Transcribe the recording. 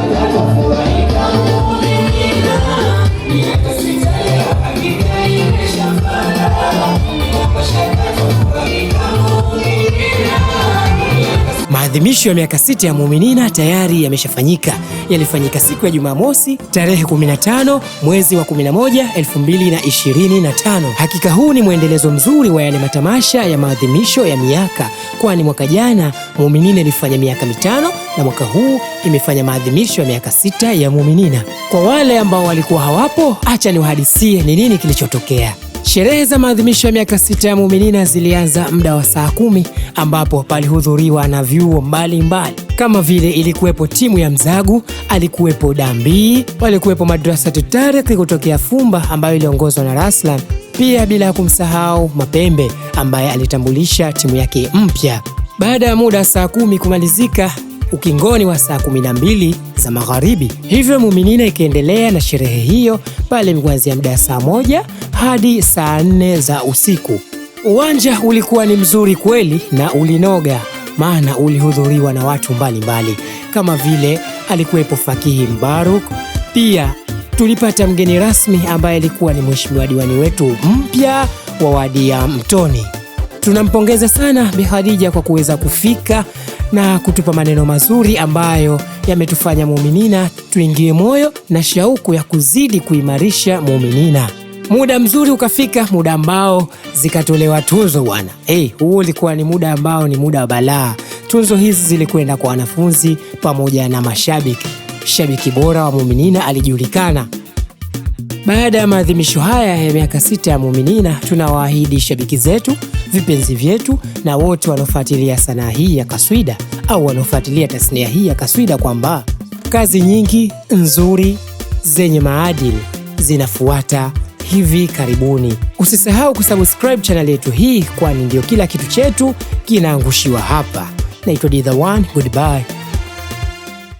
Yeah. Maadhimisho ya miaka sita ya Muuminina tayari yameshafanyika. Yalifanyika siku ya Jumamosi tarehe 15 mwezi wa 11 2025. Hakika huu ni mwendelezo mzuri wa yale matamasha ya maadhimisho ya miaka, kwani mwaka jana Muuminina ilifanya miaka mitano na mwaka huu imefanya maadhimisho ya miaka sita ya Muuminina. Kwa wale ambao walikuwa hawapo, acha niwahadisie ni nini kilichotokea. Sherehe za maadhimisho ya miaka sita ya Muminina zilianza muda wa saa kumi ambapo palihudhuriwa na vyuo mbalimbali kama vile ilikuwepo timu ya Mzagu, alikuwepo Dambii, walikuwepo Madrasa Tutariki kutokea Fumba ambayo iliongozwa na Raslan, pia bila ya kumsahau Mapembe ambaye alitambulisha timu yake mpya. Baada ya muda saa kumi kumalizika, ukingoni wa saa kumi na mbili za magharibi. Hivyo Muminina ikiendelea na sherehe hiyo pale kuanzia muda saa moja hadi saa nne za usiku. Uwanja ulikuwa ni mzuri kweli na ulinoga, maana ulihudhuriwa na watu mbalimbali mbali. Kama vile alikuwepo Fakihi Mbaruk. Pia tulipata mgeni rasmi ambaye alikuwa ni mheshimiwa diwani wetu mpya wa wadi ya Mtoni. Tunampongeza sana Bi Khadija kwa kuweza kufika na kutupa maneno mazuri ambayo yametufanya Muuminina tuingie moyo na shauku ya kuzidi kuimarisha Muuminina. Muda mzuri ukafika, muda ambao zikatolewa tuzo bwana. Hey, eh, huu ulikuwa ni muda ambao ni muda wa balaa. Tuzo hizi zilikwenda kwa wanafunzi pamoja na mashabiki. Shabiki bora wa Muuminina alijulikana baada ya maadhimisho haya ya miaka sita ya Muminina, tunawaahidi shabiki zetu, vipenzi vyetu na wote wanaofuatilia sanaa hii ya kaswida au wanaofuatilia tasnia hii ya kaswida kwamba kazi nyingi nzuri zenye maadili zinafuata hivi karibuni. Usisahau kusubscribe chaneli yetu hii, kwani ndio kila kitu chetu kinaangushiwa hapa. Naitwa d one, goodbye.